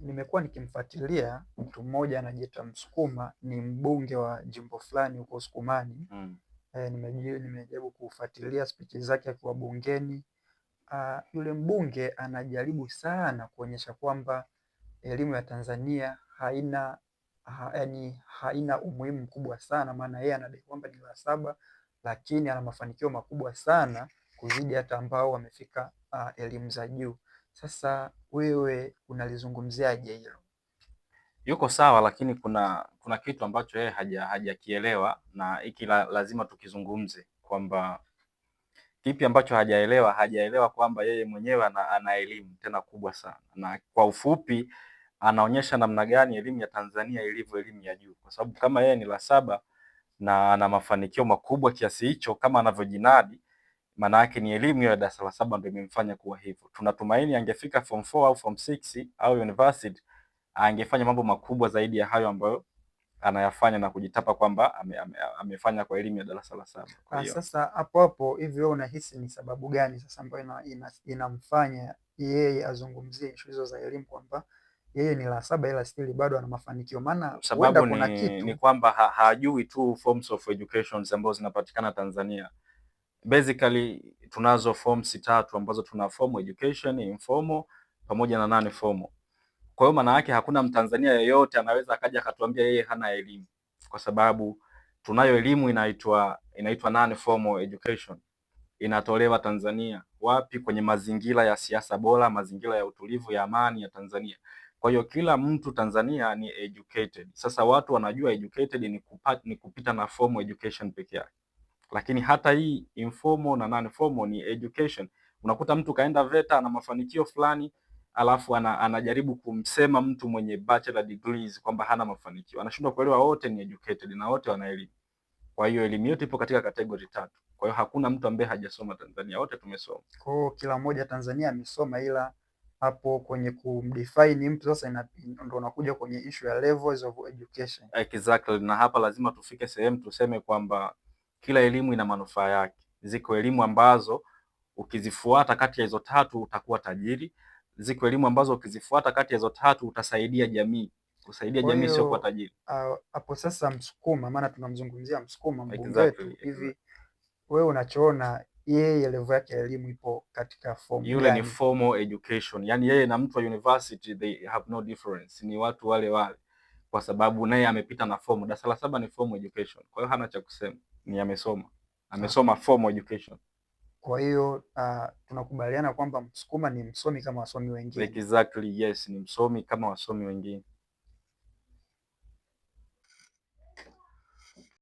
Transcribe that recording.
Nimekuwa nikimfuatilia mtu mmoja anajiita Msukuma, ni mbunge wa jimbo fulani huko sukumani mm. E, nimejaribu kufuatilia spichi zake akiwa bungeni. yule mbunge anajaribu sana kuonyesha kwamba elimu ya Tanzania haina ha, yani haina umuhimu mkubwa sana, maana yeye anadai kwamba ni la saba, lakini ana mafanikio makubwa sana kuzidi hata ambao wamefika elimu za juu. Sasa wewe unalizungumziaje hilo? Yuko sawa, lakini kuna kuna kitu ambacho yeye haja hajakielewa na hiki la, lazima tukizungumze kwamba kipi ambacho hajaelewa. Hajaelewa kwamba yeye mwenyewe ana, ana elimu tena kubwa sana, na kwa ufupi anaonyesha namna gani elimu ya Tanzania ilivyo elimu ya juu, kwa sababu kama yeye ni la saba na ana mafanikio makubwa kiasi hicho kama anavyojinadi maana yake ni elimu ya darasa la saba ndio imemfanya kuwa hivyo. Tunatumaini angefika form 4 au form 6 au university angefanya mambo makubwa zaidi ya hayo ambayo anayafanya na kujitapa kwamba ame, ame, amefanya kwa elimu ya darasa la saba. Kwa ah, hiyo sasa, hapo hapo hivi, wewe unahisi ni sababu gani sasa ambayo inamfanya ina, ina yeye azungumzie issue hizo za elimu kwamba yeye ni la saba ila stili bado ana mafanikio? Maana sababu ni, kuna kitu ni kwamba hajui tu forms of education ambazo zinapatikana Tanzania basically tunazo forms tatu ambazo tuna formal education, informal pamoja na non formal. Kwa hiyo maana yake hakuna Mtanzania yeyote anaweza akaja akatuambia yeye hana elimu, kwa sababu tunayo elimu inaitwa inaitwa non formal education, inatolewa Tanzania. Wapi? Kwenye mazingira ya siasa bora, mazingira ya utulivu, ya amani ya Tanzania. Kwa hiyo kila mtu Tanzania ni educated. Sasa watu wanajua educated ni, kupata, ni kupita na formal education peke yake lakini hata hii informal na non formal ni education. Unakuta mtu kaenda VETA ana mafanikio fulani, alafu ana, anajaribu kumsema mtu mwenye bachelor degrees kwamba hana mafanikio, anashindwa kuelewa. Wote ni educated na wote wana elimu. Kwa hiyo elimu yote ipo katika kategori tatu. Kwa hiyo hakuna mtu ambaye hajasoma Tanzania, wote tumesoma. Kwa hiyo kila mmoja Tanzania amesoma, ila hapo kwenye kumdefine mtu sasa ndio unakuja kwenye issue ya levels of education. Exactly, na hapa lazima tufike sehemu tuseme kwamba kila elimu ina manufaa yake. Ziko elimu ambazo ukizifuata kati ya hizo tatu utakuwa tajiri. Ziko elimu ambazo ukizifuata kati ya hizo tatu utasaidia jamii. Kusaidia jamii sio kuwa tajiri. Hapo sasa, Msukuma, maana tunamzungumzia Msukuma mbunge wetu exactly. hivi Wewe unachoona yeye level yake ya elimu ipo katika form yule ni formal education yani yeye na mtu wa university they have no difference, ni watu wale wale, kwa sababu naye amepita na form. Darasa la saba ni formal education, kwa hiyo hana cha kusema ni amesoma, amesoma formal education. Kwa hiyo uh, tunakubaliana kwamba Msukuma ni msomi kama wasomi wengine. Exactly, yes, ni msomi kama wasomi wengine.